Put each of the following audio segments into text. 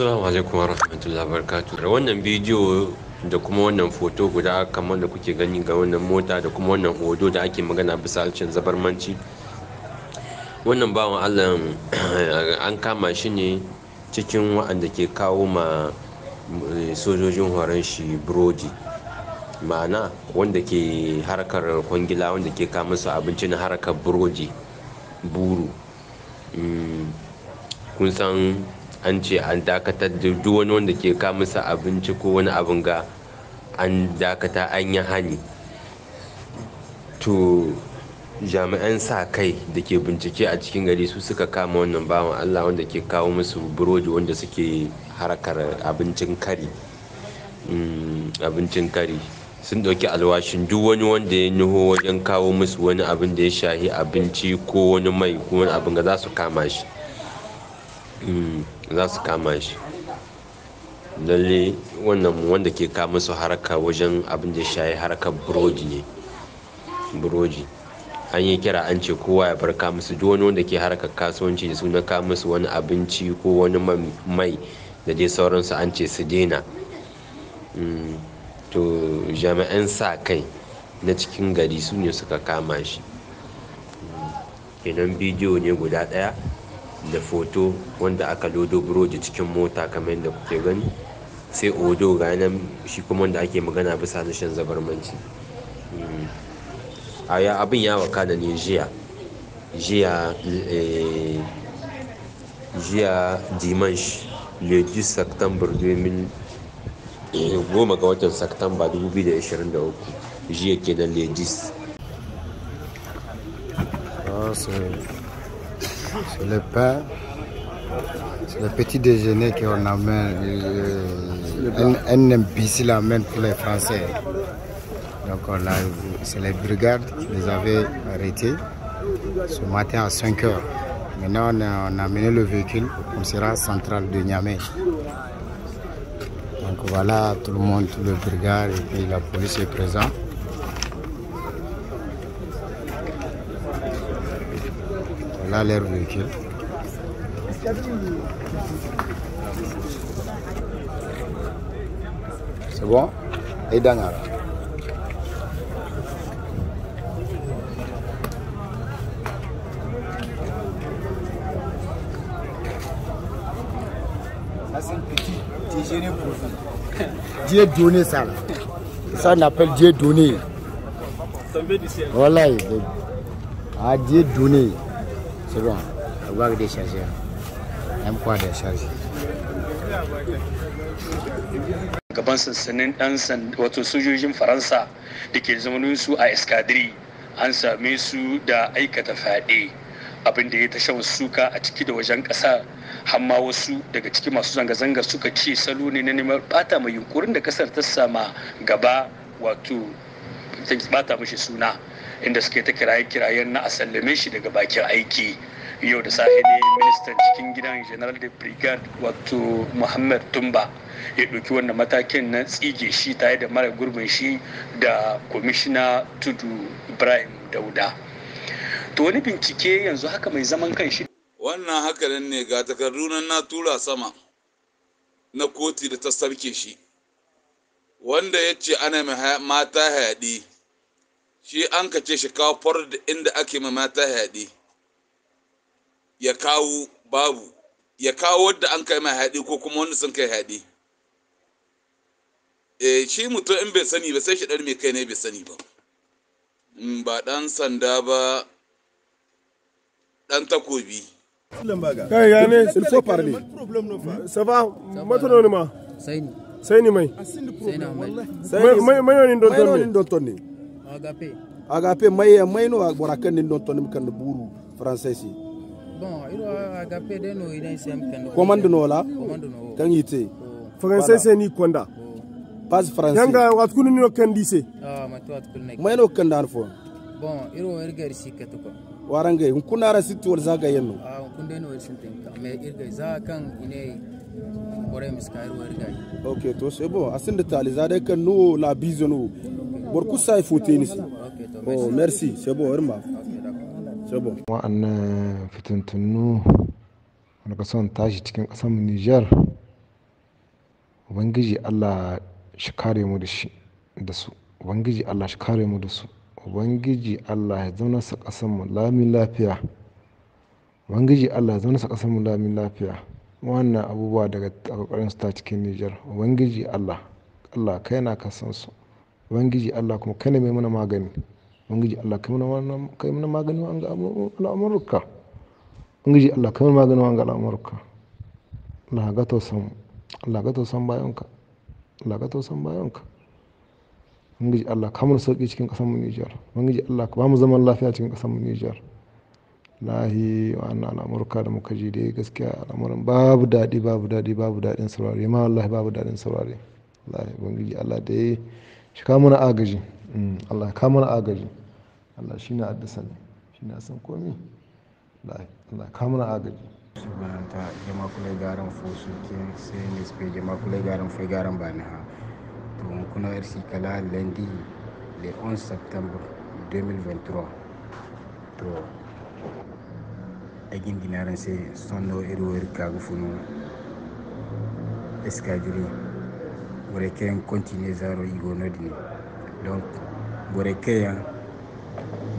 Assalamu alaikum wa rahmatullahi Wannan bidiyo da kuma wannan foto guda kamar da kuke gani ga wannan mota da kuma wannan hodo da ake magana bisa harshen zabarmanci. Wannan bawan Allah an kama shi ne cikin waɗanda ke kawo ma eh, sojojin horon shi burodi. Ma'ana wanda ke harkar kwangila wanda ke kama su abinci na harkar burodi buru. Mm, kun san an ce an dakatar da duk wani wanda ke kamusa abinci ko wani abin ga an dakata an yi hani to jami'an sa kai da ke bincike a cikin gari su suka kama wannan bawan allah wanda ke kawo musu burodi wanda suke harkar abincin kari mm, abincin kari sun ɗauki alwashin duk wani wanda ya niho wajen kawo musu wani abin da ya shahi abinci ko wani mai ko wani abin ga za su kama shi mm. za su kama shi lalle wannan wanda ke kama su haraka wajen abin da shayi harkar burodi ne burodi an yi kira an ce kowa ya bar kamusu duk wani wanda ke harkar kasuwanci da suna musu wani abinci ko wani mai da dai sauransu an ce su daina mm, to jami'an sa kai na cikin gari su ne suka kama shi mm, kenan bidiyo ne guda ɗaya da foto wanda aka lodo burodi cikin mota kamar yadda kuke gani sai odo ga nan shi kuma wanda ake magana bisa shan zabarmanci hmm. abin ya wakana ne jiya jiya eh, jiya dimanche le 10 septembre goma ga watan satumba 2023 jiya kenan le 10 c'est le pain, le petit déjeuner qu'on amène, euh, un, imbécile amène pour les Français. Donc c'est les brigades qui les avaient arrêtés ce matin à 5 h Maintenant on a, amené le véhicule au commissariat central de Niamey. Donc voilà, tout le monde, tous le brigade et la police est présente. l'air véhicule. C'est bon Et Dangara. c'est un petit déjeuner pour ça Dieu donné ça Ça on appelle Dieu donné. Voilà. Ah Dieu donné. C'est bon. gaban sansanin ɗan wato sojojin faransa da ke su a eskadiri an same su da aikata fyaɗe abin da ya tashan suka a ciki da wajen ƙasa hamma wasu daga cikin masu zanga-zanga suka ce salo ne na neman bata mai yunkurin da kasar ta sama gaba wato bata mashi suna inda suke ta kiraye-kirayen na a sallame shi daga bakin aiki yau da safe ne ministan cikin gidan general de brigade wato muhammad tumba ya ɗauki wannan matakin na tsige shi tare da mara gurbin shi da kwamishina tudu ibrahim dauda to wani bincike yanzu haka mai zaman kanshi wannan hakanan ne ga takardu na tura sama na koti da ta sarke shi wanda ya ce ana mata hayaɗi shi an ka ce shi kawo farar da inda ake ma mata haɗe ya kawo babu ya kawo wadda an kai ma haɗe ko kuma wanda sun kai haɗe e eh, shi mutum in bai sani ba sai shi ɗan mai kai ne bai sani ba mm, ba ɗan sanda ba ɗan takobi kai ya ne silfo parle safa matononi ma sai ni mai sai ni mai mai mai ne don ne agape agape maye mayno bora kandi don tonim kandi buru francesi bon iro agape de no ida sem commande no la commande no kan yite oh. francesi ni konda oh. pas francesi yanga wat kunu kendi kandi se ah matu wat kunu mayno arfo bon iro erger sikatu ko warange kuna ra situ wal zaga yenno ah kunde no sintenka me irga zakan ine ore miskairo erga okay to e sebo asin tali zade kan no la bizono Borkusa ya fote ni Oh, merci, c'est bon, Irma. C'est bon. Wa'annan fitintunu wanda ka son tashi cikin ƙasar mu Nijar. Ubangiji Allah shi kare mu da shi da su. Ubangiji Allah shi kare mu da su. Ubangiji Allah ya zauna su ƙasar mu lamin lafiya. Ubangiji Allah ya zauna su ƙasar mu lamin lafiya. Wannan abubuwa daga ƙoƙarin su ta cikin Nijar. Ubangiji Allah Allah kai na kasan su. ubangiji allah kuma kana mai mana magani ubangiji allah kai mana magani wa ga al'amurka ubangiji allah kai mana magani wa ga al'amurka allah ga tausan allah ga tausan bayanka allah ga bayanka ubangiji allah kamar sauƙi sauki cikin kasar mu Nijar ubangiji allah ba mu zaman lafiya cikin kasar mu Nijar lahi wa anna al'amurka da muka ji dai gaskiya al'amuran babu daɗi babu daɗi babu daɗin saurare ma wallahi babu daɗin saurare lahi ubangiji allah dai shi muna agaji mm, Allah ka muna agaji Allah shi na addasa ne shi na san komai Allah ka muna mana agaji sunanta jama kule garan fo su sai ne spe jama kule garan fo garan bani ha to mun kuna irsi kala lundi le 11 septembre 2023 to agin dinaran sai sonno iri wori kagu funu eskajiri boreken kontine zaro igo nodini donc borekeyan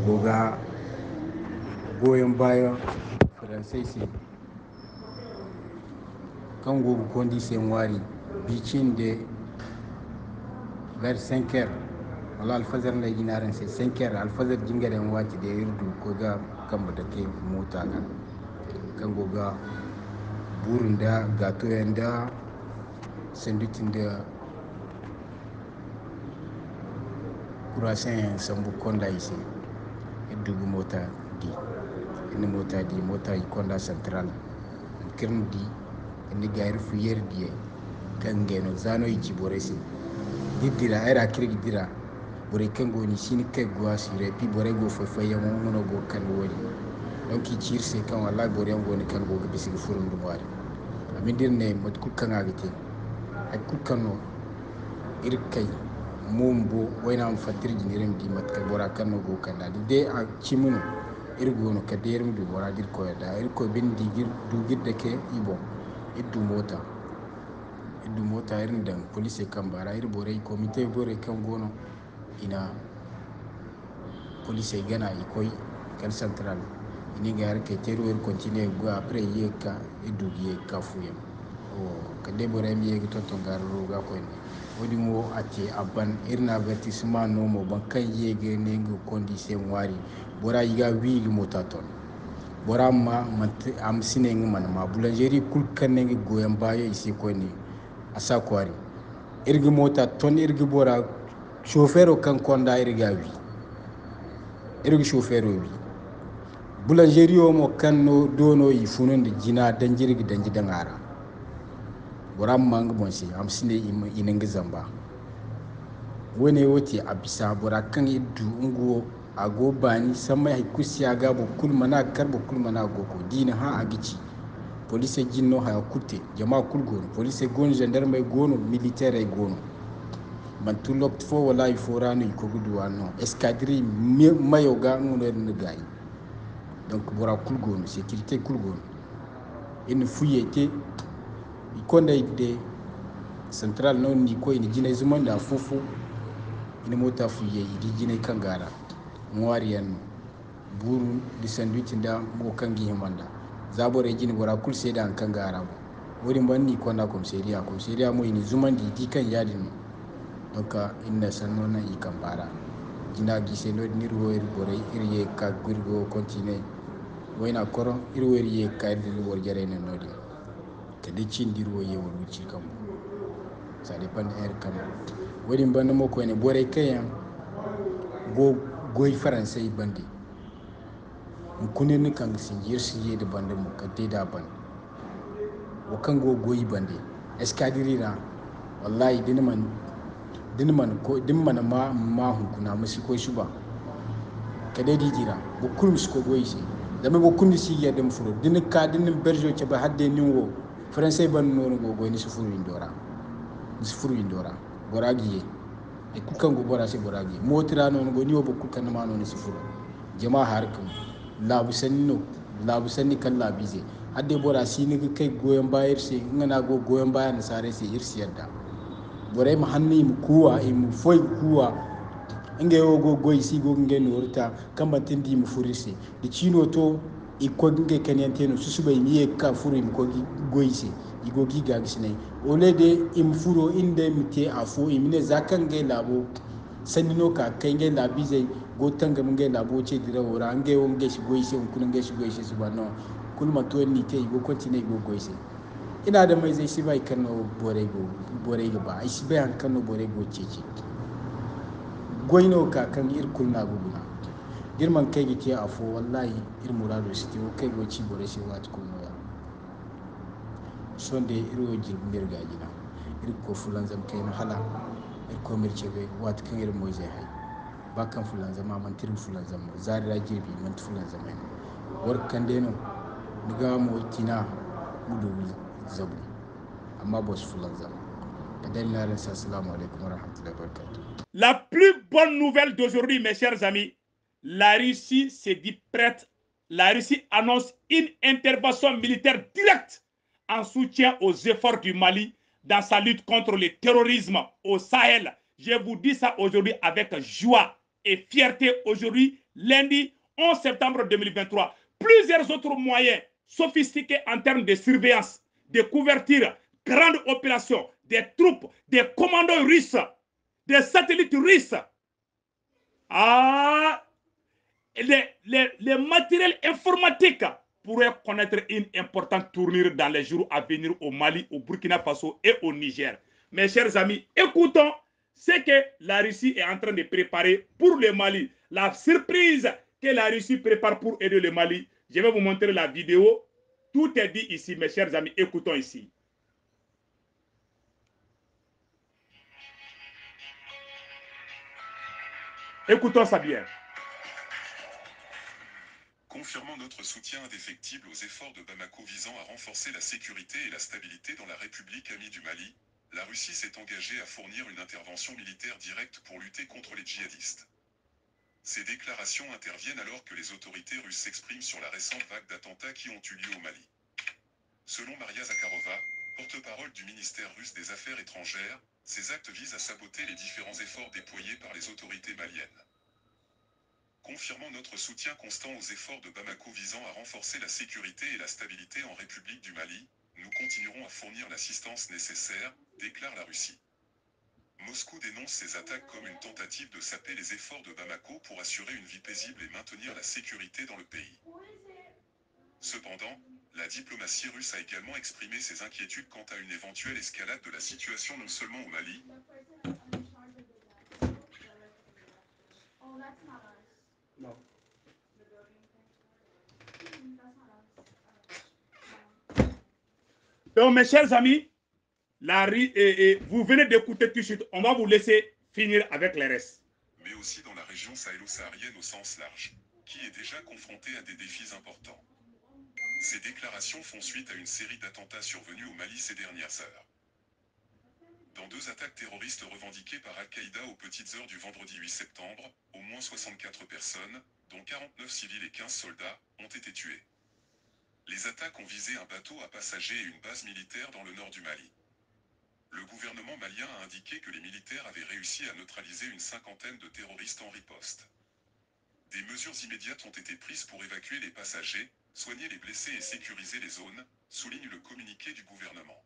goga goyon bayan faransai sai kan gogo kondi sai wari bicin da ver 5 heures wala alfazar na yi naran sai 5 heures alfazar jingaren wati da ya rudu goga kan boreke mota kan kan goga burin da gato yanda sandukin da kurasen sambu konda ce dugu mota di ini mota di mota i konda central kirm di ini gair fuyer di kan gano zano i ciboresi didira era kirgi dira bore kan goni sini kai gwa sire pi bore go fofa ya mun mono go kan wori donc i cirse kan wallahi bore ngoni kan go bisi furun dum wari a dir ne mat kul kan agite ay kul kan no kai mumbo wainam fatir nirim di matkal bora kanno go kanda di de a irgo irgono ka derim du bora dir ko da ir ko bin digir dugirde ke ibo iddu mota iddu mota irin dan police kan bara ir bore comité bore kan gono ina police gana ikoi kan central ini ga yar ke teru ir continue go après yeka iddu ye kafu yema ka dai bora mi yegi ton ton garo ga ko ni wodi mo ate aban irna avertissement no mo ban kan yege ne ngi kondi se wari bora yiga wigi mota ton bora ma am sine man ma boulangerie kul kan ngi goyen bayo isi ko a asa kwari irgi mota ton irgi bora chauffeur kan konda irga wi irgi chauffeur wi boulangerie o mo kan no dono yi funundi jina danjirgi danji dangara boramma mang bonse am sine ini ngi zamba wone wote abisa bora kan du ngo ago bani sama hay kusiya ga bo agabo, na karbo kul mana goko dina ha agici police jinno ha kutte jama kul police gono gendarme gono militaire gono man tulok fo wallahi fo rano ko gudu wano escadrille mayoga ga ngono ne donc bora kul sécurité kul en ikone de central non ni ko ni jine zuman da fufu ina mota fu ye di jine kan gara ngwari yan buru di sandwich da mo kan gi himanda re jine gora kul sai da kan gara mo wurin ban ni kona kom seriya kom seriya mo ni zuman di di kan yadin doka inna sanno na yi kan bara jina gi se no ni ruwo ir bore ir ye ka gurgo kontine wayna koro ir wer ye ka dir wor jare ne no di cin wa ruci kan cikambo sadi pan air kama wodin banda mako ne bore kayan go goy français bandi kune ni kan sinjir sinje da bandi mu kadde da ban wa kan go goyi bandi eskadiri na wallahi dini man ko dini ma ma hukuna musu ko shi ba ka di jira go su ko goyi sai zama go kunni su ya dem furo dini ka dinin berjo ce ba hadde nin wo français bannono go ni sufur windora sufur dora bora giye e kukan bora se bora giye motira noon go ni obo kukkannama noon e sufuro jama har kam laabu sanni no laabu sanni kan laabise hadde bora siniga kai goyon ba irse ngana go goyon baya sare se irse yadda boray mo hanni mu kuwa mu foy kuwa ngewo go goy sigo nge norta kambatindi mu furirse de cino to ikogi nke susu bai miye ka furu imkogi goise igogi gagisnai ole de imfuro inde mite afo imine ge labo sanino ka kange gotan gotanga munge labo ce dira ora ange onge shi goise kun ge shi goise subano kulma to ni te igo kontine igo goise ina da mai zai shi bai kano bore go bore go ba shi bai an kano bore go cece goino ka kan irkul na guguna kai kaigi te afo wallahi irin murado su te wo kaigo ci bore son da ya sonde jirgin jirgindir gina irin ko fulanzam na hala ir komir bai wata kan ir zama hay bakkan fulanzama mantirin fulan zarira jirbi war kan hay warkandeno niga mo tina gudu zabu amma ba su fulan zama da dalilin sa assalamu alaikum wa barakatuh la plus bonne nouvelle d'aujourd'hui mes chers amis la Russie s'est dit prête. La Russie annonce une intervention militaire directe en soutien aux efforts du Mali dans sa lutte contre le terrorisme au Sahel. Je vous dis ça aujourd'hui avec joie et fierté. Aujourd'hui, lundi 11 septembre 2023, plusieurs autres moyens sophistiqués en termes de surveillance, de couverture, grande opération, des troupes, des commandos russes, des satellites russes. Ah, les, matériels informatiques pourraient connaître une importante tournure dans les jours à venir au Mali, au Burkina Faso et au Niger. Mes chers amis, écoutons ce que la Russie est en train de préparer pour le Mali. La surprise que la Russie prépare pour aider le Mali. Je vais vous montrer la vidéo. Tout est dit ici, mes chers amis. Écoutons ici. Écoutons ça bien confirmant notre soutien indéfectible aux efforts de Bamako visant à renforcer la sécurité et la stabilité dans la République amie du Mali, la Russie s'est engagée à fournir une intervention militaire directe pour lutter contre les djihadistes. Ces déclarations interviennent alors que les autorités russes s'expriment sur la récente vague d'attentats qui ont eu lieu au Mali. Selon Maria Zakharova, porte-parole du ministère russe des Affaires étrangères, ces actes visent à saboter les différents efforts déployés par les autorités maliennes confirmant notre soutien constant aux efforts de Bamako visant à renforcer la sécurité et la stabilité en République du Mali, nous continuerons à fournir l'assistance nécessaire, déclare la Russie. Moscou dénonce ces attaques comme une tentative de saper les efforts de Bamako pour assurer une vie paisible et maintenir la sécurité dans le pays. Cependant, la diplomatie russe a également exprimé ses inquiétudes quant à une éventuelle escalade de la situation non seulement au Mali, Donc, mes chers amis, la, et, vous venez d'écouter tout de suite. On va vous laisser finir avec les restes. Mais aussi dans la région sahélo-saharienne au sens large, qui est déjà confrontée à des défis importants. Ces déclarations font suite à une série d'attentats survenus au Mali ces dernières heures. Dans deux attaques terroristes revendiquées par Al-Qaïda aux petites heures du vendredi 8 septembre, au moins 64 personnes, dont 49 civils et 15 soldats, ont été tuées. Les attaques ont visé un bateau à passagers et une base militaire dans le nord du Mali. Le gouvernement malien a indiqué que les militaires avaient réussi à neutraliser une cinquantaine de terroristes en riposte. Des mesures immédiates ont été prises pour évacuer les passagers, soigner les blessés et sécuriser les zones, souligne le communiqué du gouvernement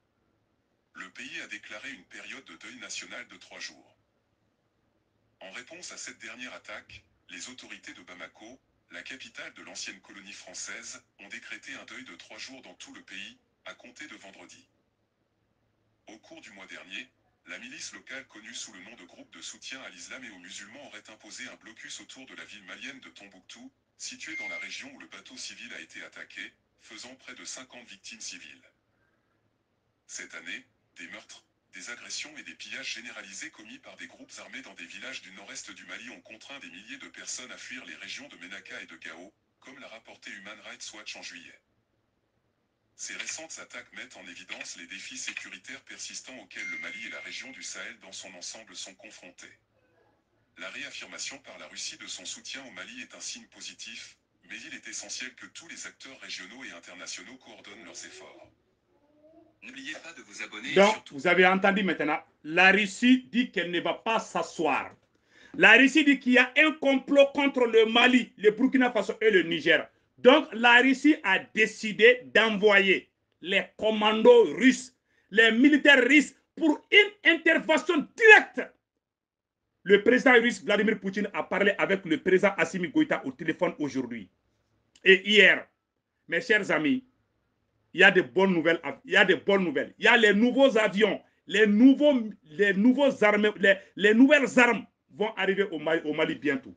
le pays a déclaré une période de deuil national de trois jours. En réponse à cette dernière attaque, les autorités de Bamako, la capitale de l'ancienne colonie française, ont décrété un deuil de trois jours dans tout le pays, à compter de vendredi. Au cours du mois dernier, la milice locale connue sous le nom de groupe de soutien à l'islam et aux musulmans aurait imposé un blocus autour de la ville malienne de Tombouctou, située dans la région où le bateau civil a été attaqué, faisant près de 50 victimes civiles. Cette année, des meurtres, des agressions et des pillages généralisés commis par des groupes armés dans des villages du nord-est du Mali ont contraint des milliers de personnes à fuir les régions de Ménaka et de Gao, comme l'a rapporté Human Rights Watch en juillet. Ces récentes attaques mettent en évidence les défis sécuritaires persistants auxquels le Mali et la région du Sahel dans son ensemble sont confrontés. La réaffirmation par la Russie de son soutien au Mali est un signe positif, mais il est essentiel que tous les acteurs régionaux et internationaux coordonnent leurs efforts. N'oubliez pas de vous abonner. Donc, vous avez entendu maintenant, la Russie dit qu'elle ne va pas s'asseoir. La Russie dit qu'il y a un complot contre le Mali, le Burkina Faso et le Niger. Donc, la Russie a décidé d'envoyer les commandos russes, les militaires russes, pour une intervention directe. Le président russe Vladimir Poutine a parlé avec le président Assimi Goïta au téléphone aujourd'hui et hier. Mes chers amis, il y a des bonnes nouvelles. Il y a des bonnes nouvelles. Il y a les nouveaux avions, les, nouveaux, les, nouveaux armes, les, nouvelles armes vont arriver au Mali, au Mali bientôt.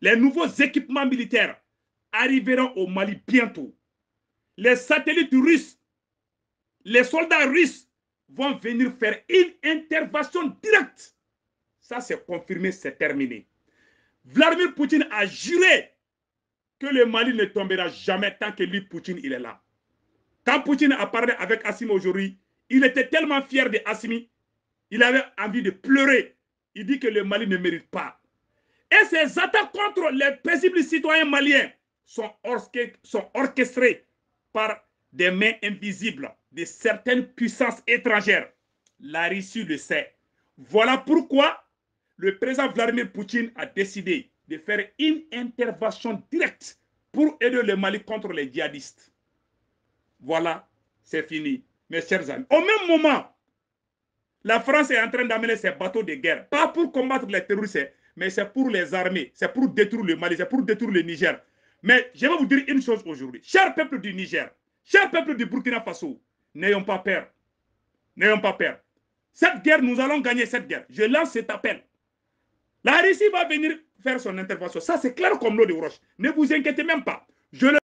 Les nouveaux équipements militaires arriveront au Mali bientôt. Les satellites russes, les soldats russes vont venir faire une intervention directe. Ça, c'est confirmé, c'est terminé. Vladimir Poutine a juré que le Mali ne tombera jamais tant que lui, Poutine, il est là. Quand Poutine a parlé avec Assimi aujourd'hui, il était tellement fier de Assimi, il avait envie de pleurer. Il dit que le Mali ne mérite pas. Et ces attaques contre les paisibles citoyens maliens sont, sont orchestrées par des mains invisibles de certaines puissances étrangères. La Russie le sait. Voilà pourquoi le président Vladimir Poutine a décidé de faire une intervention directe pour aider le Mali contre les djihadistes. Voilà, c'est fini. Mes chers amis, au même moment, la France est en train d'amener ses bateaux de guerre, pas pour combattre les terroristes, mais c'est pour les armées, c'est pour détruire le Mali, c'est pour détruire le Niger. Mais je vais vous dire une chose aujourd'hui. Cher peuple du Niger, cher peuple du Burkina Faso, n'ayons pas peur. N'ayons pas peur. Cette guerre, nous allons gagner cette guerre. Je lance cet appel. La Russie va venir faire son intervention. Ça, c'est clair comme l'eau de roche. Ne vous inquiétez même pas. Je le